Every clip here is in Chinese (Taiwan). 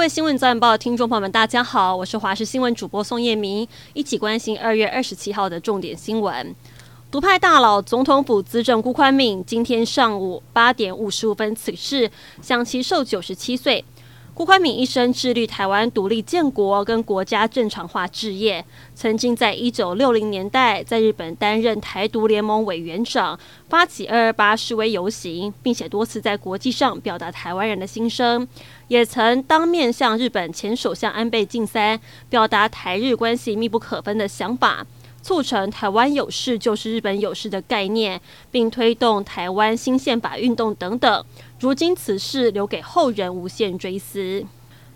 各位新聞早晚報聽眾朋友們，大家好，我是華視新聞主播宋燕明，一起關心二月二十七號的重點新聞。獨派大老總統府資政辜寬敏今天上午八點五十五分辭世，享耆壽九十七歲。辜寬敏一生致力台灣獨立建國跟國家正常化事業，曾經在一九六零年代在日本擔任台獨聯盟委員長，發起二二八示威遊行，並且多次在國際上表達台灣人的心聲，也曾當面向日本前首相安倍晉三表達台日關係密不可分的想法。促成台灣有事就是日本有事的概念，並推動台灣新憲法運動等等。如今此事留給後人無限追思。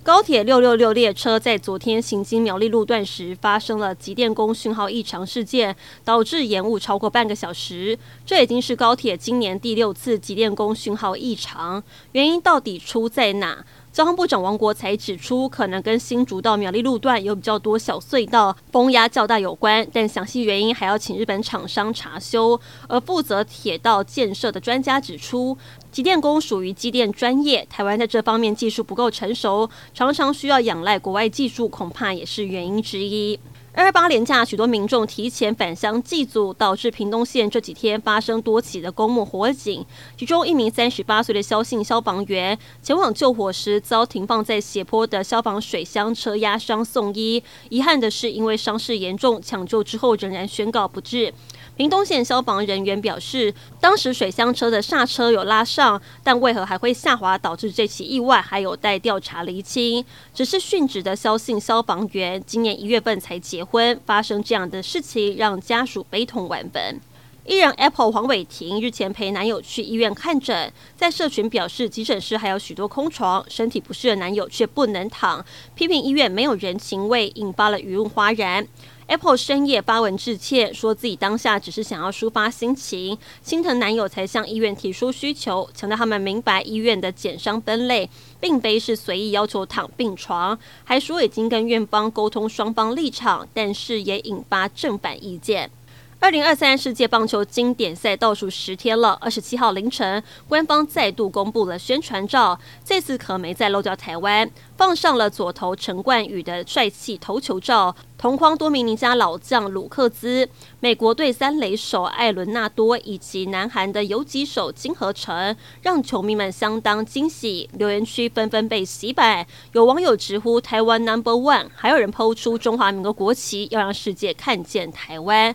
高鐵666列車在昨天行經苗栗路段時發生了集電弓訊號異常事件，導致延誤超過半個小時。這已經是高鐵今年第六次集電弓訊號異常，原因到底出在哪？交通部長王國材指出，可能跟新竹到苗栗路段有比較多小隧道、風壓較大有關，但詳細原因還要請日本廠商查修。而負責鐵道建設的專家指出，集電弓屬於機電專業，台灣在這方面技術不夠成熟，常常需要仰賴國外技術，恐怕也是原因之一。二八連假，許多民眾提前返鄉祭祖，導致屏東縣這幾天發生多起的公墓火警。其中一名三十八歲的蕭姓消防員前往救火時，遭停放在斜坡的消防水箱車壓傷送醫。遺憾的是，因為傷勢嚴重，搶救之後仍然宣告不治。屏東縣消防人員表示，當時水箱車的剎車有拉上，但為何還會下滑，導致這起意外還有待調查釐清。只是殉職的蕭姓消防員今年一月份才結婚，發生這樣的事情讓家屬悲痛萬分。藝人 Apple 黃偉霆日前陪男友去醫院看診，在社群表示急診室還有許多空床，身體不適的男友卻不能躺，批評醫院沒有人情味，引發了輿論譁然。Apple 深夜發文致歉，說自己當下只是想要抒發心情，心疼男友才向醫院提出需求，強調他們明白醫院的檢傷分類，並非是隨意要求躺病床，還說已經跟院方溝通雙方立場，但是也引發正反意見。二零二三世界棒球經典賽倒數十天了。二十七號凌晨，官方再度公布了宣傳照，這次可沒再漏掉台灣，放上了左投陳冠宇的帥氣投球照，同框多明尼加老將魯克茲、美國隊三壘手艾倫納多以及南韓的游擊手金河成，讓球迷們相當驚喜。留言區紛紛被洗版，有網友直呼“台灣 Number One”，還有人拋出中華民國國旗，要讓世界看見台灣。